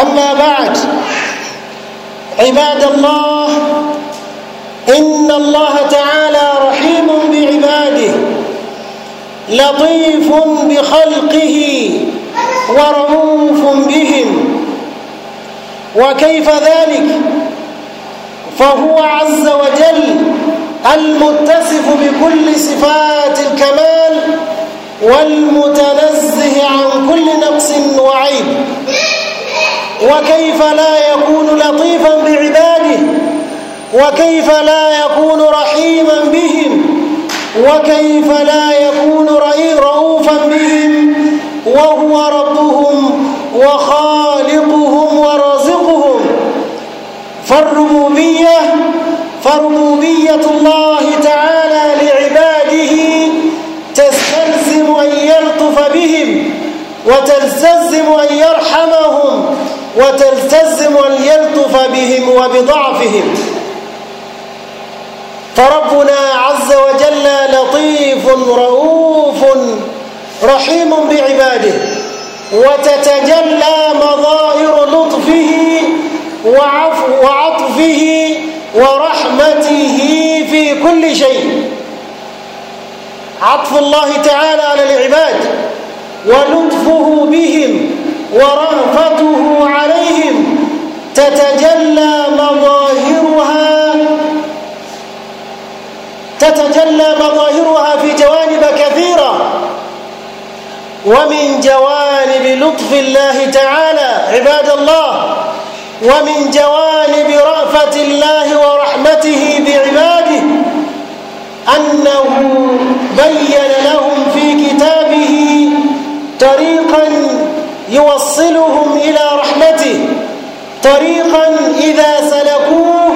أما بعد عباد الله إن الله تعالى رحيم بعباده لطيف بخلقه ورؤوف بهم وكيف ذلك فهو عز وجل المتصف بكل صفات الكمال والمتنزه عن كل نقص وعيب وكيف لا يكون لطيفا بعباده وكيف لا يكون رحيما بهم وكيف لا يكون رؤوفا بهم وهو ربهم وخالقهم ورازقهم فالربوبية فربوبية الله تعالى لعباده تستلزم أن يلطف بهم وتستلزم أن يرحمهم وتلتزم أن يلطف بهم وبضعفهم فربنا عز وجل لطيف رؤوف رحيم بعباده وتتجلى مظاهر لطفه وعطفه ورحمته في كل شيء عطف الله تعالى على العباد ولطفه بهم ورهبته عليهم تتجلى مظاهرها تتجلى مظاهرها في جوانب كثيرة ومن جوانب لطف الله تعالى عباد الله ومن جوانب رأفة الله ورحمته بعباده أنه بين لهم في كتابه طريقا يوصلهم إلى رحمته طريقا إذا سلكوه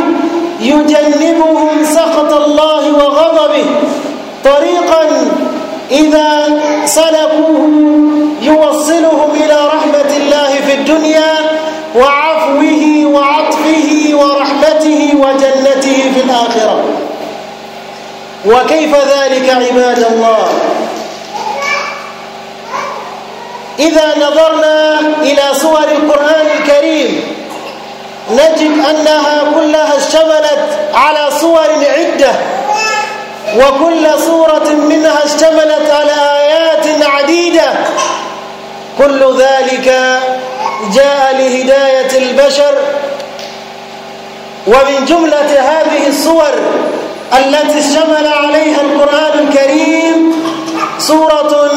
يجنبهم سخط الله وغضبه طريقا إذا سلكوه يوصلهم إلى رحمة الله في الدنيا وعفوه وعطفه ورحمته وجنته في الآخرة وكيف ذلك عباد الله؟ إذا نظرنا إلى صور القرآن الكريم نجد أنها كلها اشتملت على صور عدة وكل صورة منها اشتملت على آيات عديدة كل ذلك جاء لهداية البشر ومن جملة هذه الصور التي اشتمل عليها القرآن الكريم سورة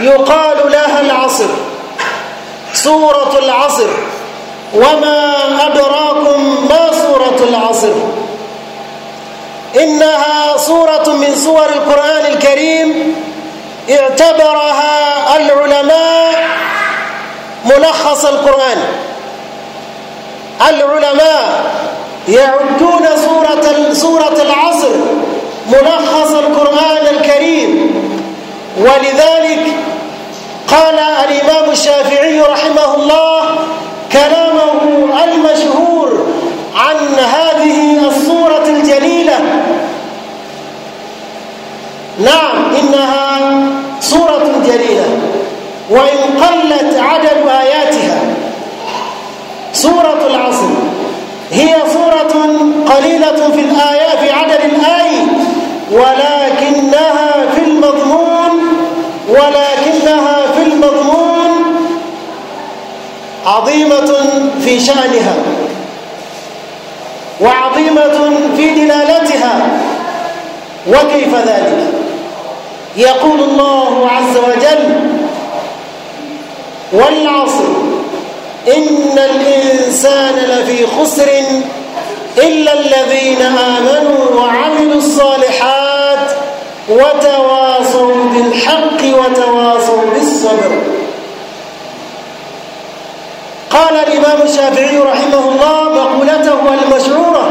يقال لها العصر سورة العصر وما أدراكم ما سورة العصر إنها سورة من سور القرآن الكريم اعتبرها العلماء ملخص القرآن العلماء يعدون سورة سورة العصر ملخص القرآن الكريم ولذلك قال الإمام الشافعي رحمه الله كلامه المشهور عن هذه الصورة الجليلة نعم إنها صورة جليلة وإن قلت عدد آياتها صورة عظيمة في شأنها وعظيمة في دلالتها وكيف ذلك يقول الله عز وجل والعصر إن الإنسان لفي خسر إلا الذين آمنوا وعملوا الصالحات وتواصوا بالحق وتواصوا بالصبر قال الإمام الشافعي رحمه الله مقولته المشهورة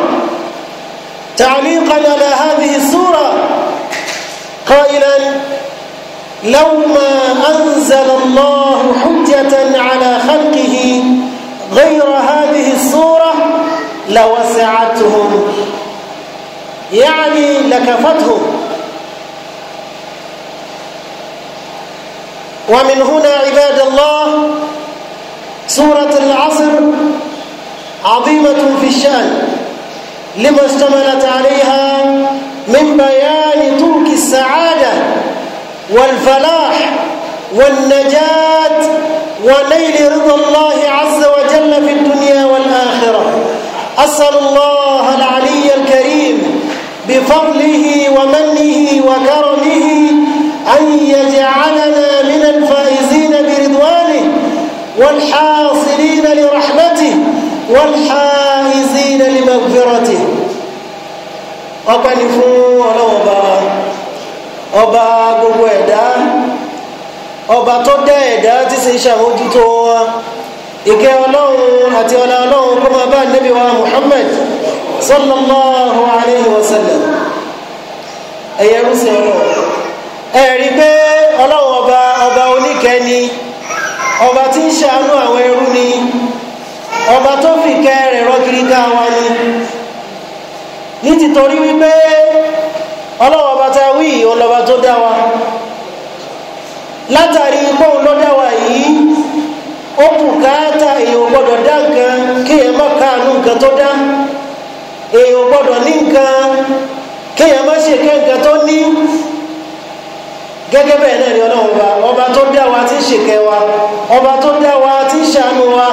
تعليقا على هذه السورة قائلا لو ما أنزل الله حجة على خلقه غير هذه الصورة لوسعتهم يعني لكفتهم ومن هنا عباد الله سورة العصر عظيمة في الشأن لما اشتملت عليها من بيان ترك السعادة والفلاح والنجاة ونيل رضا الله عز وجل في الدنيا والآخرة أسأل الله العلي الكريم بفضله ومنه وكرمه أن يجعلنا من الفلاح والحاصلين لرحمته والحائزين لمغفرته ọpẹ́ ni fún ọlọ́wọ́ ọba ọba gbogbo ẹ̀dá ọba tó dá ẹ̀dá tí sì ń ṣàmójútó wa ìkẹ́ ọlọ́run àti ọlá ọlọ́run kó máa bá níbi wa Muhammad sallallahu alayhi wa sallam ẹ̀yẹ́rú sí ọlọ́run ẹ̀rí pé ọlọ́run ọba ọba oníkẹ́ni. ọba tí ń ṣàánú àwọn ẹrú ni ọba tó fi kẹrẹ rọgiri ká wa ni ní tìtorí wípé ọlọ́wọ́ ọba tá wí ọlọ́ba tó dá wa látàrí kóun ló dá wa yìí ó bùkátà èèyàn gbọ́dọ̀ dá nǹkan kéèyàn má káàánú nǹkan tó dá èèyàn gbọ́dọ̀ ní nǹkan kéèyàn má ṣe kẹ́ nǹkan tó ní. gẹ́gẹ́ bẹ́ẹ̀ náà ni ọlọ́run wa ọba tó dá wa tí ń ṣèkẹ́ wa ọba tó dá wa tí ń ṣàánú wa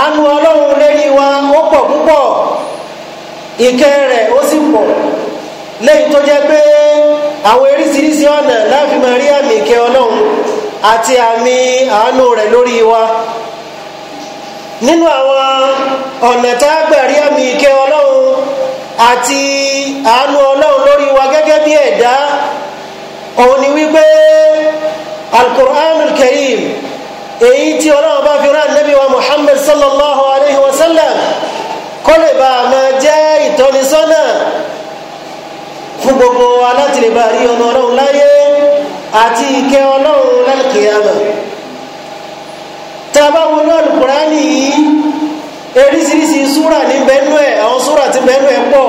àánú ọlọ́run lẹ́yìn wa ó pọ̀ púpọ̀ ìkẹ́ rẹ̀ ó sì pọ̀ lẹ́yìn tó jẹ́ pé àwọn eríṣiríṣi ọ̀nà láfi máa rí àmì ìkẹ́ ọlọ́run àti àmì àánú rẹ̀ lórí wa nínú àwọn ọ̀nà tá a gbà rí àmì ìkẹ́ ọlọ́run àti àánú ọlọ́run lórí wa gẹ́gẹ́ bí ẹ̀dá òun ni wípé alukur'anul karim èyí tí ọlọ́run bá fi rán nabi wa muhammed sallallahu alayhi wa sallam kó lè bá a máa jẹ́ ìtọ́nisọ́nà fún gbogbo wa láti lè bá a rí ọmọ ọlọ́run láyé àti ìkẹ́ ọlọ́run lálùkìyàmà tá wo náà alukur'ani yìí eríṣiríṣi súrà ní bẹ́ẹ̀ ẹ̀ àwọn súrà ti bẹ́ẹ̀ ẹ̀ pọ̀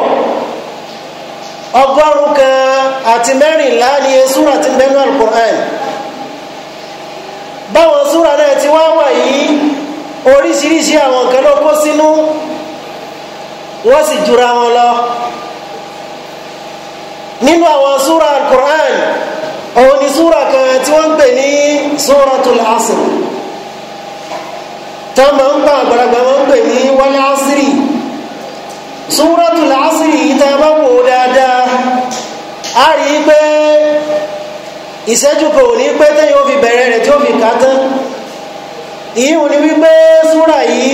ọgọ́rùn kan àti mẹ́rìnlá ni súrà ti bẹnu alukur'an báwọn súrà náà ti wá wà yìí oríṣiríṣi àwọn nǹkan ló kó sínú wọ́n sì jura wọn lọ nínú àwọn súra alukur'an òun ni súra kan tí wọ́n ń pè ní súratul asr tó máa ń pa àgbàlagbà máa ń pè ní wal asri súratul asri yìí tá a bá wò ó dáadáa. a rí i pé ìṣẹ́jú kò ní pé téèyàn ó fi bẹ̀rẹ̀ rẹ̀ tí ó fi tán ni wípé súrà yìí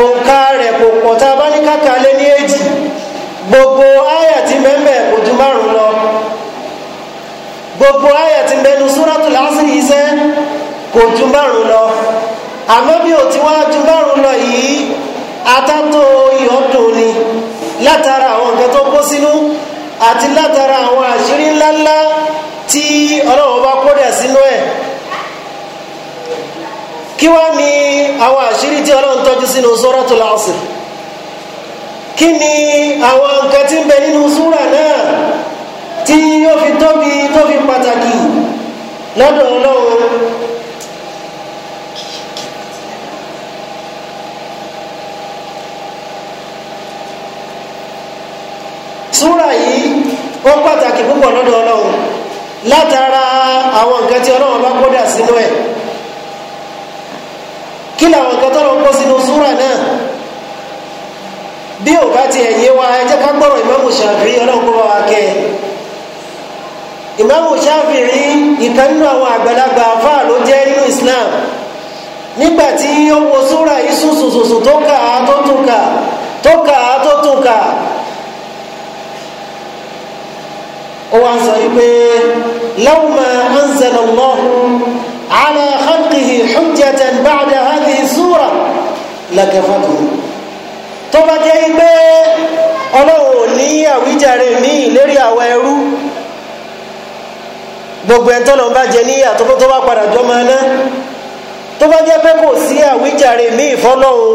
òǹkà rẹ̀ kò pọ̀ tá a bá ní káka lé ní èjì gbogbo àyà tí mẹ́mẹ́ kò ju lọ gbogbo àyà tí mẹ́nu súratul Asri iṣẹ́ kò ju márùn lọ àmọ́ bí ni látara àwọn nǹkan tó kó àti látara àwọn àṣírí ńláńlá tí ọlọ́wọ́ bá kó dẹ̀ sínú ẹ̀ kí wá ní àwọn àṣírí tí ọlọ́run tọ́jú sínú Suratul Asr kí ni àwọn nǹkan tí ń bẹ nínú súrà náà tí ó fi tóbi tó fi pàtàkì lọ́dọ̀ ọlọ́run súrà yìí ó pàtàkì púpọ̀ lọ́dọ̀ ọlọ́run látara àwọn nǹkan tí ọlọ́run bá kódà sínú ẹ̀ kí làwọn nǹkan tó naa. kó sínú súrà náà bí ò bá tiẹ̀ yé wa ẹ ká gbọ́rọ̀ ìmáàmù Ṣáfi'í ọlọ́run kó bá wa kẹ́ ẹ ìmáàmù Ṣáfi'í ìkan nínú àwọn àgbàlagbà afáà ló jẹ́ nínú Islam nígbà tí ó wo súrà yìí sùn sùn sùn tó kà á tó tún kà tó kà á ó wá ń sọ yìí pé lawma anzala Allah ala khalqihi hujjatan ba'da hadhihi sura lakafahu tó bá jẹ́ yìí pé ọlọ́wọ́ ní àwíjàre míì lérí àwọn ẹrú gbogbo ẹ̀ tọ́lọ̀ bá jẹ níyà tó bá padà jọ máa ná tó bá jẹ́ pé kò sí àwíjàre míì fọ́lọ́hún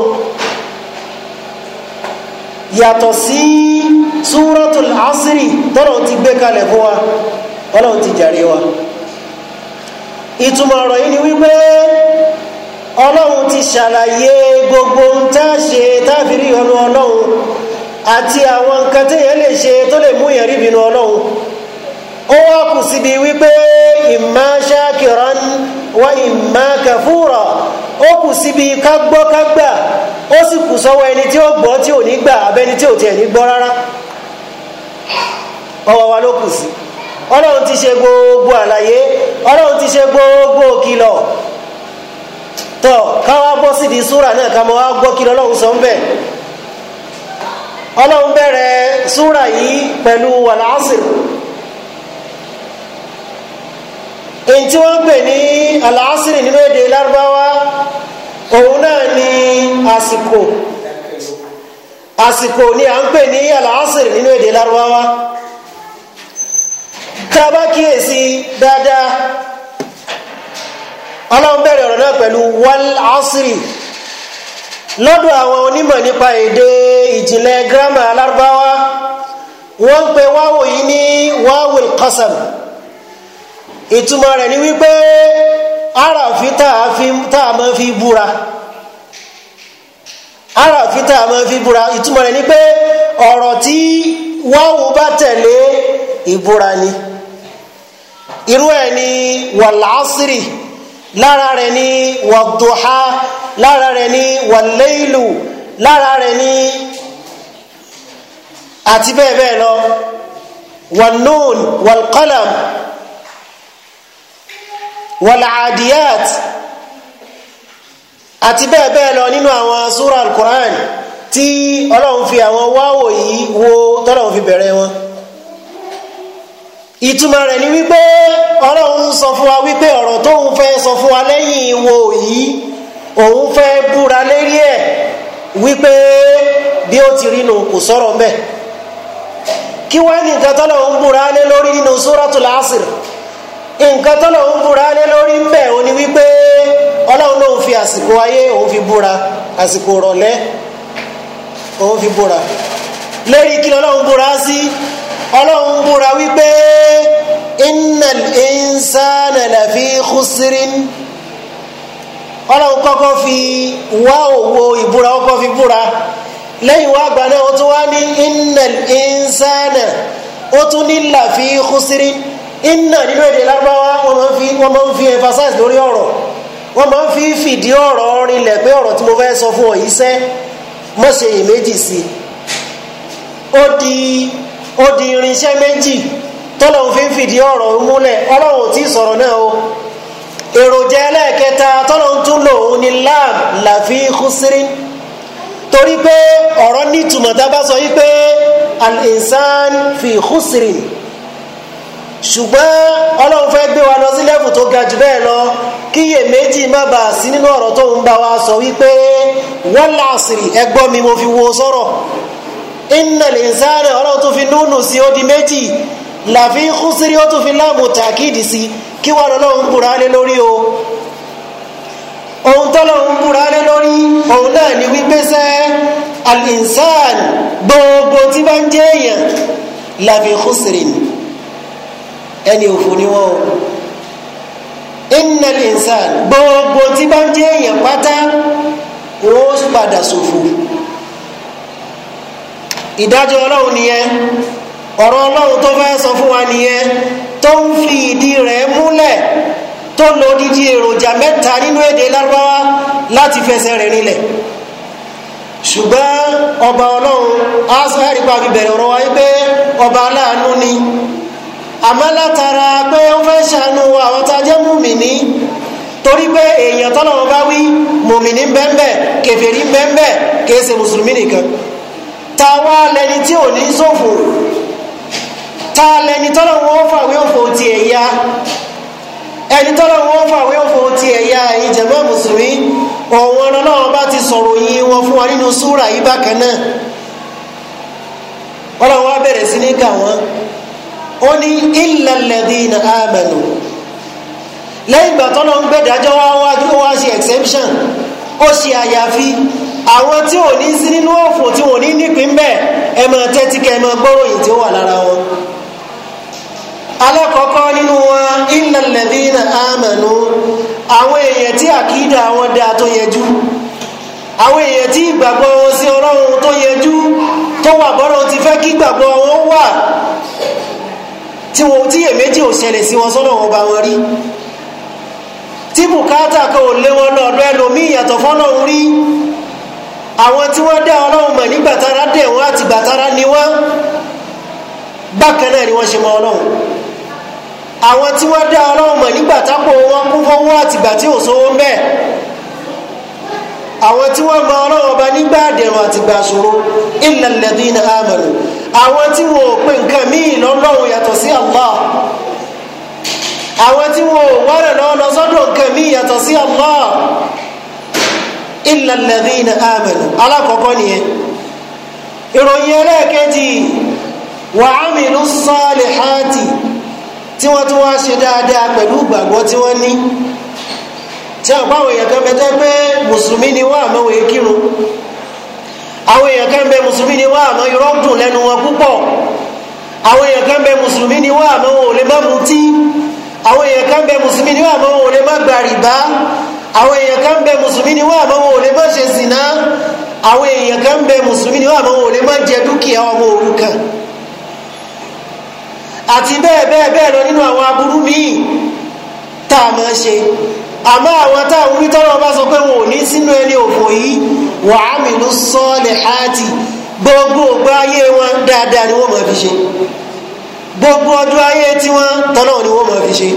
yàtọ̀ sí súrọ́tù asiri tọ́lọ̀ ti gbé kalẹ̀ fún wa ọlọ́run ti jàre wa ìtumọ̀ ọ̀rọ̀ yìí ni wípé ọlọ́run ti ṣàlàyé gbogbo ń tá a ṣe tábìrì ọ̀nà ọlọ́run àti àwọn nǹkan téèyàn lè ṣe tó lè mú yẹn rí ìbínú ọlọ́run ó wá kù síbi wípé ìmá ṣáàkìrán wá ìmá kẹfúrọ̀ ó kù síbi ká ó sì kù sọ́wọ́ ẹni tí ó gbọ́ tí ò ní gbà abẹ́ni tí ò tiẹ̀ ní gbọ́ rárá ọwọ́ wa ló kù sí ọlọ́run ti ṣe gbogbo àlàyé ọlọ́run ti ṣe gbogbo òkìlọ̀ tọ káwá bọ́ sídìí súrà náà ká mọ́ wá gbọ́ kí lọ́lọ́run sọ ń bẹ̀ ọlọ́run bẹ̀rẹ̀ súrà yìí pẹ̀lú wàláásìrì èyí tí wọ́n pè ní àlàásìrì nínú èdè lárúbáwá òun náà ni àsìkò àsìkò ni à ń pè ní àlàásìrì nínú èdè lárúbáwá tá a bá kíyèsí dáadáa ọlọ́run bẹ̀rẹ̀ ọ̀rọ̀ náà pẹ̀lú wal asiri lọ́dọ̀ àwọn onímọ̀ nípa èdè ìjìnlẹ̀ gírámà alárúbáwá wọ́n ń pe wáwò yìí ní wáwìl qasam ìtumọ̀ rẹ̀ ni wípé arafi tá a fi tá a máa fi búra arafi tá a máa fi búra ìtumọ̀ rẹ̀ ni pé ọ̀rọ̀ tí wáwo bá tẹ̀lé ìbúra ni irú ẹ̀ ni wàlásírì lára rẹ̀ ni wàdùhá lára rẹ̀ ni wàléìlù lára rẹ̀ ni àti bẹ́ẹ̀ bẹ́ẹ̀ lọ wànún wàlkọ́làm wàlàádìyàt àti bẹ́ẹ̀ bẹ́ẹ̀ lọ nínú àwọn súra alukur'an tí ọlọ́run fi àwọn wáwò yìí wo tọ́lọ́run fi bẹ̀rẹ̀ wọn ìtumọ̀ rẹ̀ ni wípé ọlọ́run sọ fún wa wípé ọ̀rọ̀ tóun fẹ́ sọ fún wa lẹ́yìn wo yìí òun fẹ́ búra lérí ẹ̀ wípé bí ó ti rí nu kò sọ̀rọ̀ mbẹ́ kí wá ní nǹkan tọ́lọ́run búra lé lórí nínú súratul asr nǹkan tọ́lọ̀ ń búra lé lórí ń bẹ̀ òní wípé ọlọ́run lòun fi àsìkò ayé òun fi búra àsìkò rọ̀lẹ́ òun fi búra lérí kí ọlọ́run búra sí ọlọ́run búra wípé innal insana lafi khusrin ọlọ́run kọ́kọ́ fi wá òwò ìbúra kọ́kọ́ fi búra lẹ́yìn wá àgbà náà ó tún wá ní innal insana ó tún ní lafi khusrin iná nínú èdè lárúbáwá wọ́n máa ń fi wọ́n máa ń fi emphasize lórí ọ̀rọ̀ wọ́n máa ń fi fìdí ọ̀rọ̀ rinlẹ̀ pé ọ̀rọ̀ tí mo fẹ́ sọ fún ọ yìí sẹ́ mọ̀ ṣe iyèméjì sí i ó di ó di irinṣẹ́ méjì tọ́lọ́hún fi ń fìdí ọ̀rọ̀ múlẹ̀ ọlọ́run tí ì náà o èròjà ẹlẹ́ẹ̀kẹta tọ́lọ́hún tún lòun ni lam làfi kúsírín torí pé ọ̀rọ̀ nítumọ̀ tá a bá sọ yìí pé al-insan fi kúsírín ṣùgbọ́n ọlọ́run fẹ́ gbé wa lọ sí lẹ́fù tó ga jù bẹ́ẹ̀ lọ kíyè méjì má bàa sí nínú ọ̀rọ̀ tó ń bá wa sọ wípé wọ́n làásìrì ẹgbọ́n mi mo fi wo sọ̀rọ̀ iná lè ń sáré ọlọ́run tó fi núùnù sí ó di méjì làfi kúsírí ó tún fi láàmù tàkìdì sí kí wọ́n lọ́lọ́run búra lé lórí o ohun tọ́lọ́run búra lé lórí òun náà ni wípé sẹ́ al gbogbo tí bá ń jẹ́ èèyàn làfi kúsírí ni ẹni òfò ni wọn o innal insan gbogbo tí bá ń jẹ́ èèyàn pátá wọn ó padà ṣòfò ìdájọ́ ọlọ́run nìyẹn ọ̀rọ̀ ọlọ́run tó fẹ́ sọ fún wa nìyẹn tó ń fi ìdí rẹ̀ múlẹ̀ tó lo odidi èròjà mẹ́ta nínú èdè lárúbáwá láti fẹsẹ̀ rẹ̀ nílẹ̀ ṣùgbọ́n ọba ọlọ́run á sọ ẹ̀rí pa fi bẹ̀rẹ̀ ọ̀rọ̀ ọba aláàánú ni. àmọ́ pé ó fẹ́ ṣàánú àwọn tá a jẹ́ mùmíní torí pé èèyàn tọ́lọ́wọ́n bá wí mùmíní bẹ́ńbẹ́ kèfèrí bẹ́ńbẹ́ kìí ṣe mùsùlùmí nìkan ta wá lẹni tí ò ní ta lẹni tọ́lọ́wọ́n ó fàwé òfò ti ẹ̀yà ẹni tọ́lọ́wọ́n ó fàwé òfò ti ẹ̀yà na jẹ̀mọ́ mùsùlùmí ọ̀wọ́n ọlọ́wọ́n bá ti sọ̀rọ̀ yín wọn fún wa nínú súrà yìí bákan náà ọlọ́wọ́n á bẹ̀rẹ̀ ó ní illa alladhina amanu lẹ́yìn ìgbà tọ́lọ́ ń gbẹ̀dájọ́ wá wájú wá ṣe exemption ó ṣe àyàfi àwọn tí ò ní sí nínú òfò tí ò ní nípìn bẹ́ẹ̀ ẹ máa tẹ́tí kẹ́ ẹ máa gbọ́ròyìn tí ó wà lára wọn. alákọ̀ọ́kọ́ nínú wọn illa alladhina amanu àwọn èèyàn tí àkídà wọn dáa tó yẹjú àwọn èèyàn tí ìgbàgbọ́ wọn sí ọlọ́run tó yẹjú tó wà bọ́rọ̀ ti fẹ́ kí ìgbàgbọ́ wọn wà tí wọn tí èméjì ò ṣẹlẹ̀ sí wọn sọ́dọ̀ wọn bá wọn rí tí bùkátà kan ò lé wọn lọ́dọ̀ ẹlòmíì yàtọ̀ fọ́lọ́run rí àwọn tí wọ́n dá ọlọ́run mọ̀ nígbà dẹ̀ wọ́n àti gbà ni wọ́n bákan náà ni wọ́n ṣe mọ ọlọ́run àwọn tí wọ́n dá ọlọ́run mọ̀ nígbà tápò wọn kún fọ́wọ́ àtìgbà tí ò ń bẹ́ẹ̀ àwọn tí wọ́n mọ ọlọ́run ọba nígbà àdẹ̀rùn àti gbà ṣòro illa alladhina amanu àwọn tí wọn ò pè nǹkan míì lọ́lọ́run yàtọ̀ sí Allah àwọn tí wọn ò wárẹ̀ lọ́wọ́ lọ nǹkan míì yàtọ̀ sí Allah illa alladhina amanu alákọ̀ọ́kọ́ nìyẹn ìròyìn ẹlẹ́ẹ̀kejì wa amilus salihati tí wọ́n tún wá ṣe dáadáa pẹ̀lú ìgbàgbọ́ tí wọ́n ní tí àwọn àwọn èèyàn kan bẹ tẹ́ pé mùsùlùmí ni wọ́n àmọ́ wọn kírun àwọn èèyàn kan bẹ mùsùlùmí ni wọ́n àmọ́ irọ́ dùn lẹ́nu wọn púpọ̀ àwọn èèyàn kan bẹ mùsùlùmí ni wọ́n àmọ́ wọn ò lè má mutí àwọn èèyàn kan bẹ mùsùlùmí ni wọ́n àmọ́ wọn ò lè má gba rìbá àwọn èèyàn kan bẹ mùsùlùmí ni wọ́n àmọ́ wọn ò lè má ṣe zìnà àwọn èèyàn kan bẹ mùsùlùmí ni wọ́n àmọ́ wọn ò lè má jẹ dúkìá ọmọ òrukàn àti bẹ́ẹ̀ bẹ́ẹ̀ bẹ́ẹ̀ lọ nínú àwọn aburú míì tá a máa ṣe àmọ́ àwọn tá àwọn onítọ́rọ̀ bá sọ pé wọn ní sínú ẹni òfò yìí gbogbo ògbà ayé wọn dáadáa ni wọ́n ma fi ṣe gbogbo ọdún ayé tiwọn tọ́nà ni wọ́n ma fi ṣe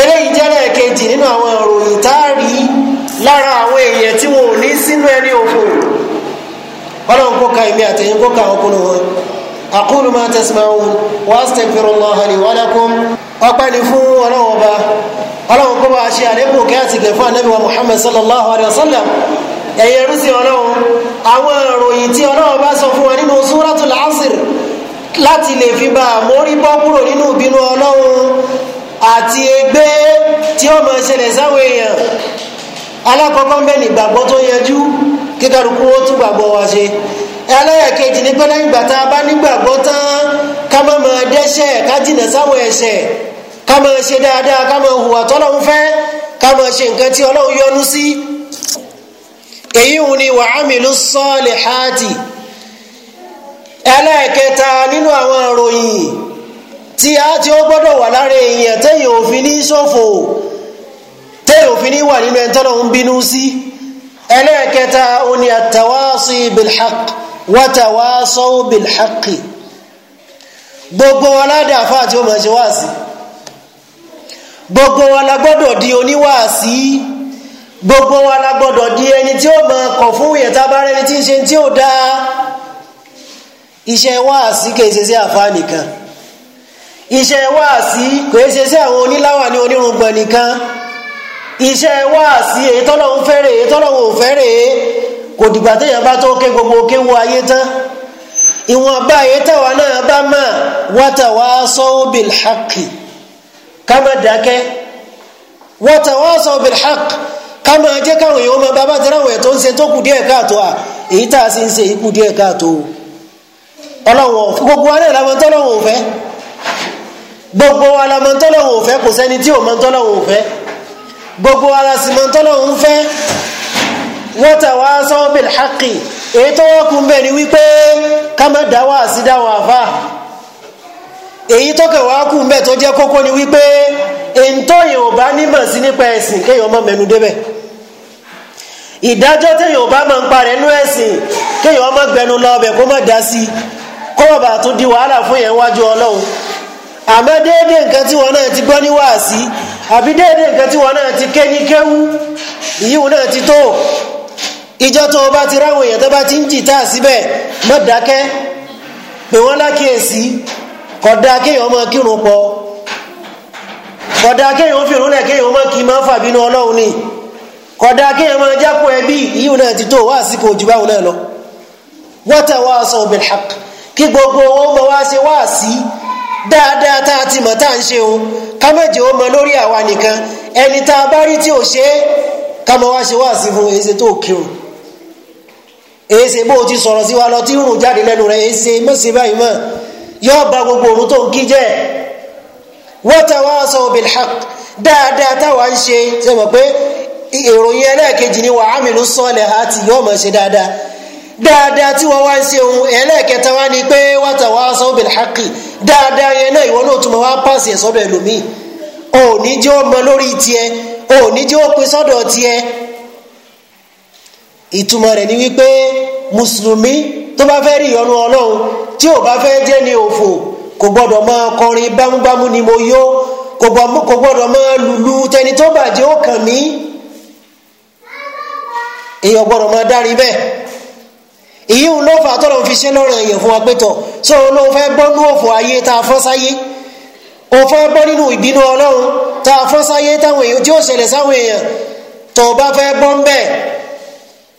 eléyìí jẹ́lẹ̀ kejì nínú àwọn ìròyìn tá a rí lára àwọn èèyàn tí wọn ní sínú ẹni òfò ọlọ́run kó ka àtẹ̀yìn kó ka ma tasma'un wa wa ọpẹ́ ni fún ọlọ́run ọba ọlọ́run kó bá a ṣe àlékún kẹ́ àti gẹ̀ fún ànábì wa muhammed sallallahu alayhi wa sallam ẹ̀yẹ rúsì ọlọ́run àwọn ìròyìn tí ọlọ́run bá sọ fún wa nínú súratul asir láti lè fi bá a mórí bọ́ kúrò nínú ìbínú ọlọ́run àti ègbé tí ó máa ṣẹlẹ̀ sáwọn èèyàn alákọ̀ọ́kọ́ ń bẹ ní tó yanjú kíkàlùkù ó tún gbàgbọ́ wa ṣe ẹlẹ́yẹ̀kejì ní pé lẹ́yìn ìgbà bá nígbàgbọ́ tán ká má máa dẹ́ṣẹ̀ ká jìnà sáwọn ẹ̀ṣẹ̀ ká máa ṣe dáadáa ká máa hùwà tọ́lọ́hún fẹ́ ká máa ṣe nǹkan tí ọlọ́hún yọ́nú sí èyí ń ni wa amilu salihati ẹlẹ́ẹ̀kẹta nínú àwọn ìròyìn tí a ti ó gbọ́dọ̀ wà lára èèyàn téèyàn ò fi ní ṣòfò téèyàn ò fi ní wà nínú ẹni bínú sí ẹlẹ́ẹ̀kẹta ó ní àtàwásí bilhaq wàtàwásọ́ bilhaqi gbogbo aládàáfà tí ó máa ṣe wá sí i gbogbo wa la gbọ́dọ̀ di oníwàásí gbogbo wa la gbọ́dọ̀ di ẹni tí ó máa kọ̀ fún yẹn tá a tí ń ṣe tí ó dáa iṣẹ́ wàásí kì í ṣe sí àfáà nìkan iṣẹ́ wàásí kò í ṣe sí àwọn oníláwà ní onírùngbọ̀n nìkan iṣẹ́ wàásí èyí tọ́lọ́hún fẹ́rẹ̀ èyí tọ́lọ́hún ò fẹ́rẹ̀ kò dìgbà téèyàn bá tó ké gbogbo kéwu ayé tán ìwọ̀nba èyí táwa náà bá mà wàtàwá sọ́wọ́ bìlhákì. So kama dake watawasa bilhaq kama je ka wo yoma baba jara wo to se to kudie ka to a ita sin se kudie ka to olawo gogo are la won tolo won fe gogo wa la won tolo won fe ko se ni ti o man tolo won fe gogo wa la si man tolo won fe watawasa bilhaq e to ku mbe ni wi kama dawa si dawa fa èyí tọ́kẹ̀ wá kù mbẹ́ tó jẹ́ kókó ni wípé èntọ́yìn ò bá nímọ̀ sí nípa ẹ̀sìn kéèyàn má mẹ́nu débẹ̀ ìdájọ́ téèyàn ò bá máa ń parẹ́ nú ẹ̀sìn kéèyàn má gbẹnu lọ ọbẹ̀ kó má sí i di wàhálà fún yẹn wájú ọlọ́run àmọ́ déédéé nǹkan tí wọn náà ti gbọ́ ní wáàsí àbí déédéé nǹkan tí wọn náà ti ké ní kéwú ìyíwò náà ti tó kódà kéèyàn máa kírun pọ̀ kódà kéèyàn fìrún lẹ̀ kéèyàn máa kí máa fà bínú ọlọ́run ni kódà kéèyàn máa jápọ̀ ẹbí yíyún náà ti tó wá àsìkò òjì báwọn náà lọ watawaasaw bil haqq kí gbogbo wọn mọ wá ṣe wá sí dáadáa tá a ti mọ̀ tá à ń ṣe o ká méje ó mọ lórí àwa nìkan ẹni tá a bá rí tí ò ṣe é ká mọ wá ṣe wá sí fún èsè tó kírun èsè bó o ti sọ̀rọ̀ sí wa lọ tí ń rùn jáde lẹ́nu rẹ̀ èsè mọ̀sẹ̀ báyìí yóò bà gbogbo òru tó ń kí jẹ́ watawasaw bilhaq dáadáa táwa ń ṣe ṣe mọ̀ pé ìròyìn ẹlẹ́ẹ̀kejì ni wa amilu salihati yóò máa ṣe dáadáa dáadáa tí wọ́n wá ń ṣe ohun ẹlẹ́ẹ̀kẹta wá ni pé watawasaw bilhaqi dáadáa yẹn náà ìwọ náà tún máa wá pàṣẹ sọ́dọ̀ ẹlòmíì òní jẹ́ ó mọ lórí tiẹ̀ òní jẹ́ ó pin sọ́dọ̀ tiẹ̀ ìtumọ̀ rẹ̀ ni wípé mùsùlùmí tó bá fẹ́ rí ìyọnu ọlọ́run tí ò bá fẹ́ jẹ́ ní òfò kò gbọ́dọ̀ máa kọrin gbámúgbámú ni mo yó kò gbọ́dọ̀ máa lùlù tẹni tó bàjẹ́ ó kàn mí èèyàn gbọ́dọ̀ máa dárí bẹ́ẹ̀ èyí ń lọ́fà tọ́lọ̀ fi ṣe fún wa ṣé o ló fẹ́ ayé tá a fọ́ o fẹ́ gbọ́ nínú ìbínú ọlọ́run tá a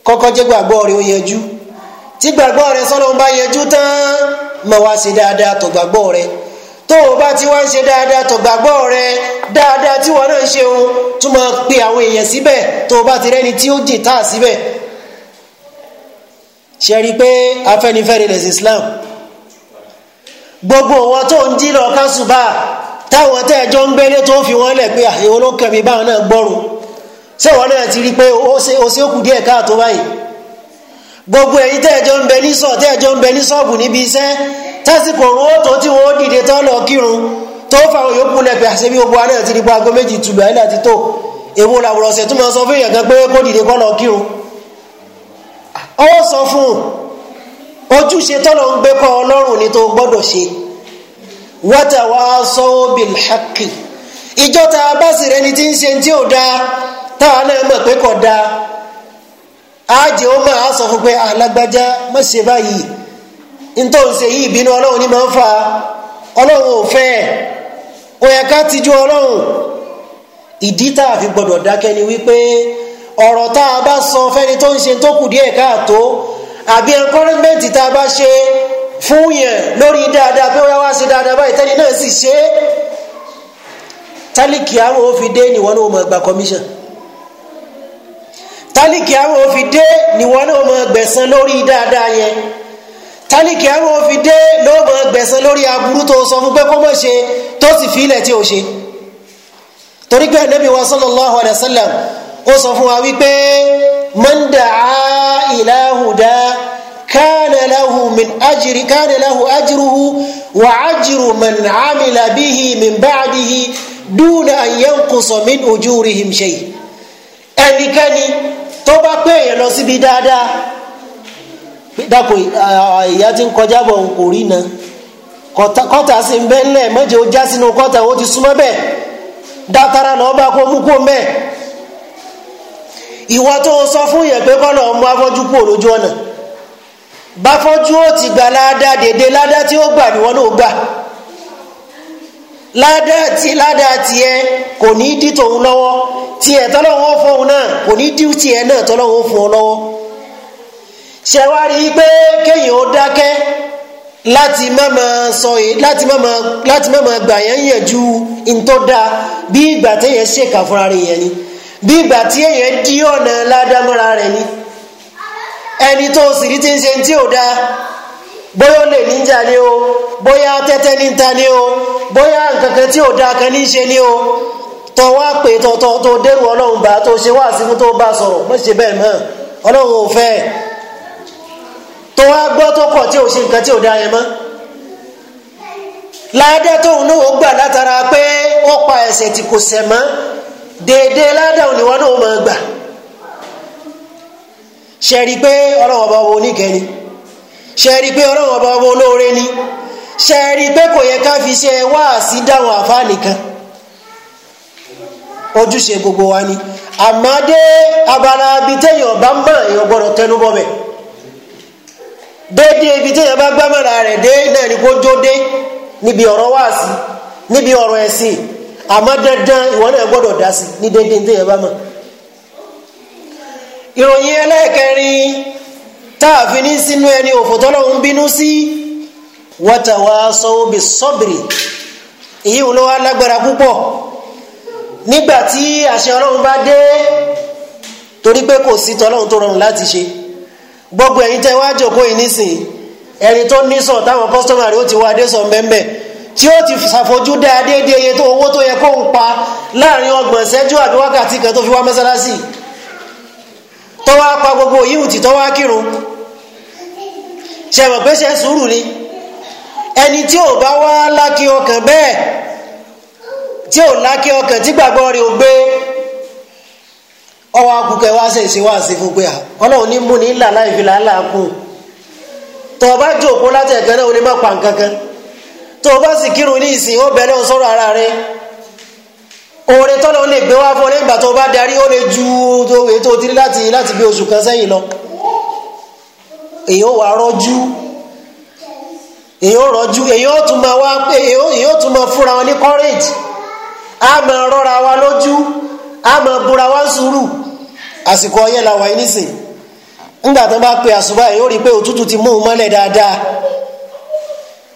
kọ́kọ́ jẹ́ gbàgbọ́ rẹ̀ ó yẹjú tí gbàgbọ́ rẹ̀ sọ́lọ́run bá yẹjú tán máa wá ṣe dáadáa tó gbàgbọ́ rẹ̀ tó o bá ti wá ń ṣe dáadáa tó gbàgbọ́ rẹ̀ dáadáa tí wọn náà ń ṣe o tún máa pe àwọn èèyàn síbẹ̀ tó o bá ti rẹ́ni tí ó jì tá a síbẹ̀ ṣe rí i pé Afẹ́nifẹ́re lẹ̀sìn Islam gbogbo wọn tó ń jí lọ kásùbà táwọn tẹ́ẹ̀jọ́ ń gbélé tó fi wọ́n lẹ̀ pé àyẹ̀wò ah, ló kẹ̀mí báwọn náà gbọ́rùn ṣé wọn náà ti rí pé ó ṣe báyìí gbogbo eyi tẹ́ẹ̀jọ́ ń bẹ ní sọ tẹ́ẹ̀jọ́ ń bẹ ní sọ́ọ̀bù níbi iṣẹ́ tásìkò òun ó tó tí wọn ó dìde tán lọ kírun tó gbogbo ti rí pé aago méjì tùlù ayé láti tó èwo ọ̀sẹ̀ tó máa sọ fún pé kó dìde kọ́ lọ ọwọ́ sọ fún ojúṣe táwa náà mọ̀ pé kò dáa àjẹ́ ó máa sọ fún pé alágbájá ṣe báyìí nítorí ṣe yí ìbínú ọlọ́run ní máa ń fa ọlọ́run ò fẹ́ ẹ̀ ká tijú ìdí tá a fi gbọdọ dákẹ́ ni wípé ọ̀rọ̀ tá a bá sọ fẹ́ni tó ń ṣe tó kù díẹ̀ káàtó àbí encouragement tá a bá ṣe fún yẹn lórí dáadáa pé wọ́n wá dáadáa báyìí náà sì ṣe é tálíkì àwọn dé ni tálíkì àwọn òfin dé níwọ náà mọ gbẹ̀san lórí dáadáa yẹn tálíkì àwọn òfin dé ló mọ gbẹ̀san lórí aburú tó sọ fún pé kó mọ̀ ṣe tó sì fi ilẹ̀ tí ò ṣe torí pé ànábì wa sallallahu alayhi wa sallam ó sọ fún wa wípé man da'a ila huda kana lahu min ajri kana lahu ajruhu wa man amila bihi min ba'dihi duna an yanqusa min ujurihim shay' ẹnikẹ́ni tó bá pé èèyàn lọ síbi dáadáa dàpọ̀ ìyá tí ń kọjá bọ̀ ń kò rí na kọ́tà sí ń ńlẹ̀ mọ́jẹ́ ó já sínú ó ti súnmọ́ bẹ́ẹ̀ dátara náà bá kó mú kó mẹ́ẹ̀ ìwọ tó sọ fún yẹn pé kọ́ oloju mú afọ́jú kúrò lójú ọ̀nà dede ó ti gbà ládàá dédé ládàá tí ó gbà ni wọ́n náà gbà. ládàá tí ládàá tiẹ̀ kò ní dí tòun lọ́wọ́ tiẹ̀ tọ́lọ́wọ́ fóun náà kò ní dí tiẹ̀ náà tọ́lọ́wọ́ fún ọ lọ́wọ́ ṣe pé kéèyàn ó dákẹ́ láti mẹ́mọ sọ yìí láti mẹ́mọ láti mẹ́mọ gbà yẹn yẹ̀jú ntọ́da bí ìgbà téèyàn ṣèkà fúnra rẹ̀ yẹn ni bí ìgbà tí èèyàn dí ọ̀nà ládàmọ́ra rẹ̀ ni ẹni tó sì rí ti ń ṣe ti ò dáa bóyá ó lè níjà ni o bóyá tẹ́tẹ́ ní ta ni o bóyá nkankan tí ò da kan ní ṣe ni o tọ́ wá pé tọ́tọ́ tó dẹ́rù ọlọ́run bá tó ṣe wá sí tó bá sọ̀rọ̀ mọ̀ ṣe bẹ́ẹ̀ mọ́ ọlọ́run ò fẹ́ tó wá gbọ́ tó kọ̀ tí ò ṣe nǹkan tí ò da yẹn mọ́ ládẹ́ tóun náà ó gbà látara pé ó pa tí kò mọ́ òní wọn náà ó máa gbà ṣẹ̀rí pé ọlọ́run ọba wo oníkẹ́ni. ṣe rí i pé ọlọ́run ọba ọba olóore ni ṣe rí i pé kò yẹ ká fi ṣe wáàsí dáhùn àfa nìkan ojúṣe gbogbo wa ni Àmàdé abala ibi téèyàn bá ń bọ̀ èèyàn gbọ́dọ̀ tẹnu bọ̀ bẹ̀ déédéé ibi téèyàn bá gbámọ̀ra rẹ̀ dé náà ni kó jó dé níbi ọ̀rọ̀ wáàsí níbi ọ̀rọ̀ ẹ̀sìn àmọ́ dandan ìwọ náà gbọ́dọ̀ dá sí ní déédéé téèyàn bá mọ̀ ìròyìn ẹlẹ́ẹ̀kẹrin táàfin ní sínú ẹni òfòtọ́lọ́hún bínú sí watawasaw bisabri èyí ló wá lágbára púpọ̀ nígbà tí àṣẹ ọlọ́run bá dé torí pé kò sí tọ́lọ́run tó rọrùn láti ṣe gbogbo ẹ̀yin tẹ́ wá jòkó yìí nísìnyí ẹni tó ní sọ táwọn kọ́sítọ́mà rẹ̀ ó ti wá dé sọ mbẹ́mbẹ́ tí ó ti ṣàfojú dáadéé iye tó owó tó yẹ kó ń pa láàrin ọgbọ̀n ṣẹ́jú àbí wákàtí kan tó fi wá mọ́sálásì tó wá pa gbogbo yíwù tí tó wá pé ṣe sùúrù ni ẹni tí ò bá wá lákì ọkàn bẹ́ẹ̀ tí ò lákì ọkàn tí gbàgbọ́ rẹ̀ ò gbé ọwọ́ akukẹ́ wá ṣe ìṣèwádìí fún pé ọlọ́run ní mú ní ìlà láì fi làálàá kù tó o bá jókòó látẹ̀kẹ́ náà o lè má pa nǹkan kan o bá sì kírun ní ìsìn ó sọ̀rọ̀ ara rẹ̀. o tọ́lọ́ lè gbé wá fún ọ nígbà tó bá darí ó lè ju ètò láti láti bí oṣù kan sẹ́yìn lọ èyí ó wà rọ́jú èyí ó rọ́jú èyí ó tún máa wá èyí ó tún máa fúnra wọn ní courage a máa wa lójú a máa búra sùúrù àsìkò la wà nígbà pe àsùbá yìí ó rí ti mú un mọ́lẹ̀ dáadáa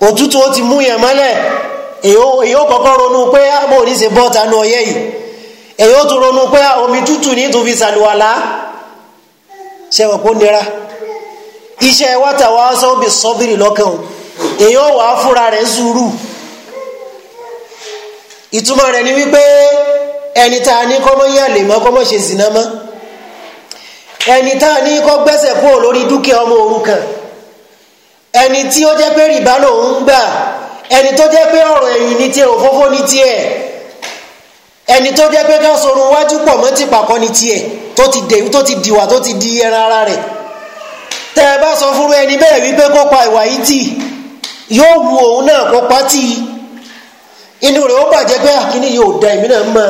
òtútù ó ti mú yẹn mọ́lẹ̀ èyó kọ́kọ́ ronú pé àbò ah, ní ṣe bọ́ tanú ọyẹ́ yìí èyó tún ronú pé ah, omi tútù ní tún fi ṣe ṣẹ̀wọ̀n kó nira iṣẹ́ wátà wá sọ́ọ́bì sọ́bìrì lọ́kàn èyó wà á fúnra rẹ̀ sùúrù ìtumọ̀ rẹ̀ ni wípé ẹni tá a ní kọ́mọ́ yàlè mọ́ kọ́mọ́ ṣe zìnà mọ́ ẹni tá a ní kọ́ gbẹ́sẹ̀ kúrò lórí dúkìá ọmọ òrukàn ẹni tí ó jẹ́ pé rìbá ń gbà ẹni tó jẹ́ pé ọ̀rọ̀ ẹ̀yìn ni tiẹ̀ òfófó ni tiẹ̀ ẹni tó jẹ́ pé ká sorun wájú pọ̀ mọ́ ti pàkọ́ ní tiẹ̀ tó ti dè tó ti dìwà tó ti di ẹran ara rẹ̀ tẹ́ ẹ bá sọ fúnru ẹni bẹ́ẹ̀ wípé kó pa ìwà yìí tì yóò wu òun náà kó pa tì inú rẹ̀ ó bàjẹ́ pé àkíní yóò da èmi náà mọ́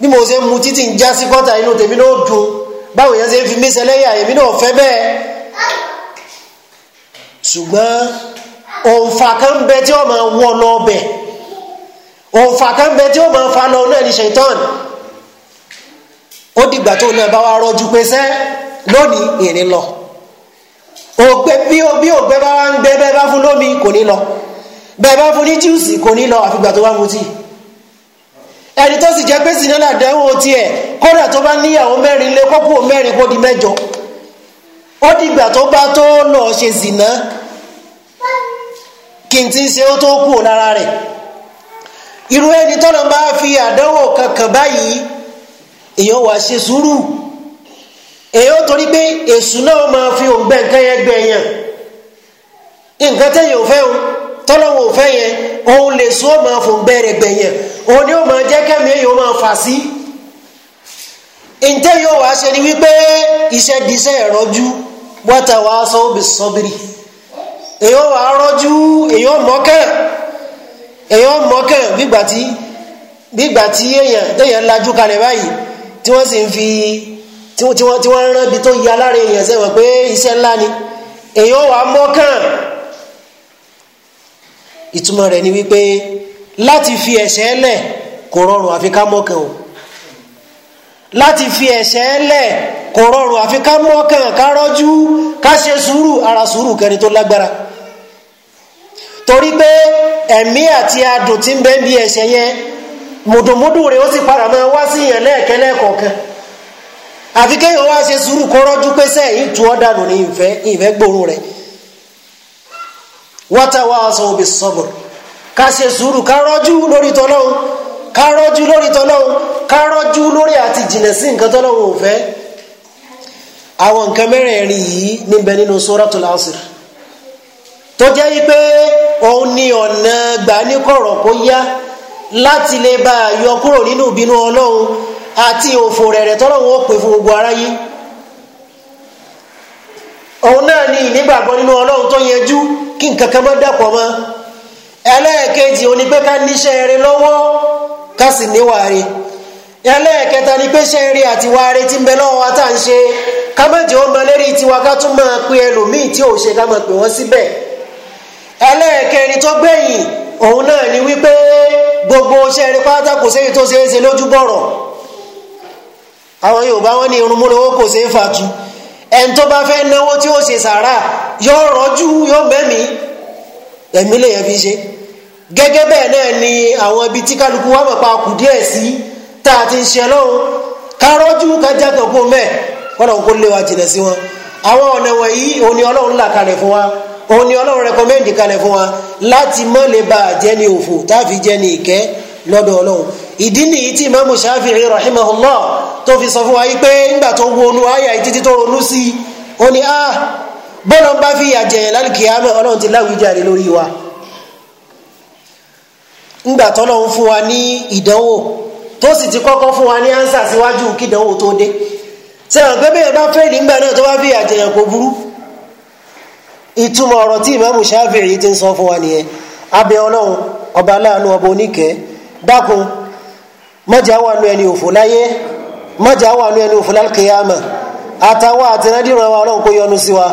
bí mo ṣe mu títí ń já sí kọ́ta inú tèmi náà dùn báwo yẹn ṣe ń fi mí ṣẹlẹ́yà èmi náà fẹ́ bẹ́ẹ̀ ṣùgbọ́n òǹfà kan bẹ tí ó máa wọ lọ bẹ òǹfà kan bẹ tí ó máa fa lọ náà ní ṣètọ́n ó dìgbà tó náà bá wa rọjú pé sẹ́ lónìí ìrìn lọ ògbẹ bí bí ògbẹ bá wá ń gbẹ bá fún lómi kò ní lọ bẹ́ẹ̀ bá fún ní jíùsì kò ní lọ àfìgbà tó bá mutí ẹni tó sì jẹ́ pé sinadà dẹ́wọ̀n tiẹ̀ kódà tó bá níyàwó mẹ́rin lé kókó mẹ́rin kó di mẹ́jọ ó dìgbà tó bá tó lọ ṣe zìnà. kí n ti ṣe ó tó kú lára rẹ̀ irú ẹni tọ́lọ́ bá fi àdánwò kankan báyìí èèyàn wà ṣe sùúrù èèyàn torí pé èṣù náà máa fi òǹgbẹ nǹkan yẹn gbẹ yẹn nǹkan tẹ̀yìn ò fẹ́ o tọ́lọ́wọ́ ò fẹ́ yẹn òun lè sùn ó máa fòǹgbẹ rẹ̀ gbẹ yẹn òun ni ó máa jẹ́ kẹ́mi máa fà sí ǹjẹ́ yóò wá ṣe ni wípé iṣẹ́ diṣẹ́ ẹ̀rọ́jú wọ́n ta wàá sọ sọ́bìrì. So èyàn wà á rọ́jú èyàn mọ́kàn èyàn mọ́kàn bígbà tí bígbà tí èyàn téèyàn lajú kalẹ̀ báyìí tí wọ́n sì ń fi tí wọ́n tí wọ́n tí wọ́n rán ibi tó ya lára èyàn sẹ́wọ̀n pé iṣẹ́ ńlá ni èyàn wà á mọ́kàn ìtumọ̀ rẹ̀ ni wípé láti fi ẹ̀ṣẹ̀ lẹ̀ kò rọrùn àfi ká mọ́kàn o láti fi ẹ̀ṣẹ̀ lẹ̀ kò rọrùn àfi ká mọ́kàn ká rọ́jú ká ṣe sùúrù ara sùúrù kẹni tó lágbára torí pé ẹ̀mí àti adùn tí ń bẹ ń bí ẹ̀ṣẹ̀ yẹn mùdùmùdù rẹ̀ ó sì padà máa wá sí yàn lẹ́ẹ̀kẹ́lẹ́ kọ̀ọ̀kan àfi kéèyàn wá ṣe sùúrù kọ́rọ́jú pé sẹ́yìn tu ọ́ dànù ní ìfẹ́ ìfẹ́ gbòòrò rẹ̀ wọ́tàwá ọ̀sán òbí sọ̀bùr ká ṣe sùúrù ká rọ́jú lórí tọ́lọ́hún ká rọ́jú lórí tọ́lọ́hún ká rọ́jú lórí àti jìnà sí nǹkan tọ́lọ́hún ò fẹ́ àwọn nǹkan mẹ́rẹ̀ẹ̀rin yìí níbẹ̀ nínú suratul tó jẹ́ yí pé òun ni ọ̀nà gbà ní kọ̀rọ̀ kó yá láti lè bá a yọ kúrò nínú ìbínú ọlọ́run àti òfò rẹ̀rẹ̀ tọ́lọ́run ó pè fún gbogbo aráyé òun náà ni ìnígbàgbọ́ nínú ọlọ́run tó yẹjú kí nǹkan kan má dàpọ̀ mọ́ ẹlẹ́ẹ̀kejì pé ká níṣẹ́ lọ́wọ́ ká sì ẹlẹ́ẹ̀kẹta ni pé àti ń bẹ lọ́wọ́ pe ẹlòmíì tí ẹlẹ́ẹ̀kẹrin tó gbẹ̀yìn òun náà ni wípé gbogbo iṣẹ́ rẹ pátá kò séyìí tó ṣeé ṣe lójú àwọn Yorùbá wọn ní irun kò ṣeé fatu ẹni tó bá fẹ́ náwó tí ó ṣe sàrà yóò rọ́jú yóò mẹ́mí ẹ̀mí lè yẹn fi ṣe gẹ́gẹ́ bẹ́ẹ̀ náà ni àwọn ibi tí kálukú wà mọ̀ pa kù díẹ̀ sí tá a ti ń ṣe lọ́hùn kárọ́jú kájà kankan mẹ́ẹ̀ kọ́nà kó lé wa jìnà sí wọn àwọn ọ̀nà wọ̀nyí òun ni Ọlọ́run là kalẹ̀ fún wa òun ni ọlọ́run rẹkọmẹ́ǹdì kalẹ̀ fún wa láti mọ́ lè bá a jẹ́ ní òfò táàfi jẹ́ ní ìkẹ́ lọ́dọ̀ ọlọ́run ìdí nìyí tí imaamu shafi'i rahimahullah tó fi sọ fún wa yìí pé nígbà tó wọnú àyà títí tó ronú sí i ó ní a ah, bọ́lọ̀ ń bá fi ìyà jẹ̀yẹ̀ lálùkìyàmẹ́ ọlọ́run ti láwùjáde lórí wa ńgbà tọ́lọ́run fún wa ní ìdánwò tó sì ti kọ́kọ́ fún wa ní ánsà síwájú kí ìdánwò tó dé sẹ́wọ̀n pé bẹ́ẹ̀ bá fẹ́ẹ̀lì ńgbà náà tó bá fi ìyà jẹ̀yẹ̀ kò burú ìtumọ̀ ọ̀rọ̀ tí ìmáàmù Ṣáfi'í ti ń sọ fún wa nìyẹn abẹ ọlọ́run ọba aláàánú ọba oníkẹ́ dákun mọ́jà wà nù ẹni òfò láyé mọ́jà wà nù ẹni òfò lálùkìyàmà àtàwọn àtẹnadìrún wa ọlọ́run kó yọ́nú sí wa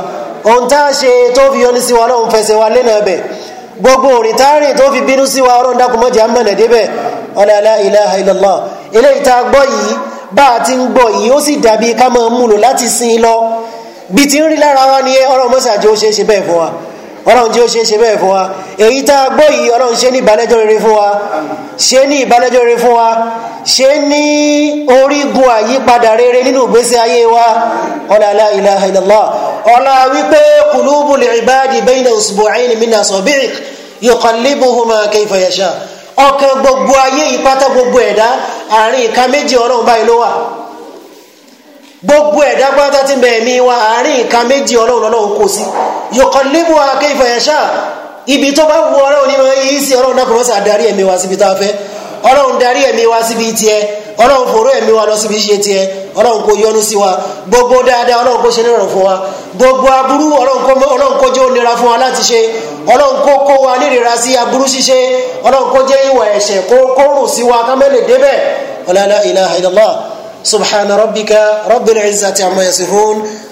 ohun tá a ṣe tó fi yọ́nú sí wa ọlọ́run fẹsẹ̀ wa lẹ́nà ẹbẹ̀ gbogbo òrìn táàrin tó fi bínú sí wa ọlọ́run dákun mọ́jà mọ̀nà débẹ̀ bí ti ń rí lára wa ni ọlọ́run mọ́sá jẹ́ ó ṣe é ṣe bẹ́ẹ̀ fún wa ọlọ́run jẹ́ ó ṣe é ṣe bẹ́ẹ̀ fún wa èyí tá a gbọ́ yìí ọlọ́run ṣe ní ìbálẹ́jọ́ rere fún wa ṣe ní ìbálẹ́jọ́ rere fún wa ṣe ní orígun àyípadà rere nínú ìgbésí ayé wa ọlá la ilaha illallah ọlá wípé qulubul ibadi bayna usbu'ayn min asabi' yuqallibuhuma kayfa yasha ọkàn gbogbo ayé ìpátá gbogbo ẹ̀dá àárín ìka méjì ọlọ́run báyìí ló wà gbogbo ẹ̀dá ti tí mẹ̀mí wa àárín nǹkan méjì ọlọ́run lọ́lọ́run kò sí yọkànlébù ibi tó bá wù ọlọ́run onímọ̀ yìí sí ọlọ́run náà kò darí ẹ̀mí wa síbi tá a fẹ́ ọlọ́run darí ẹ̀mí wa síbi ọlọ́run gbogbo dáadáa ọlọ́run kò ṣe gbogbo aburú ọlọ́run kò jẹ́ ìwà ẹ̀ṣẹ̀ kó kó rùn sí wa سبحان ربك رب العزة عما يصفون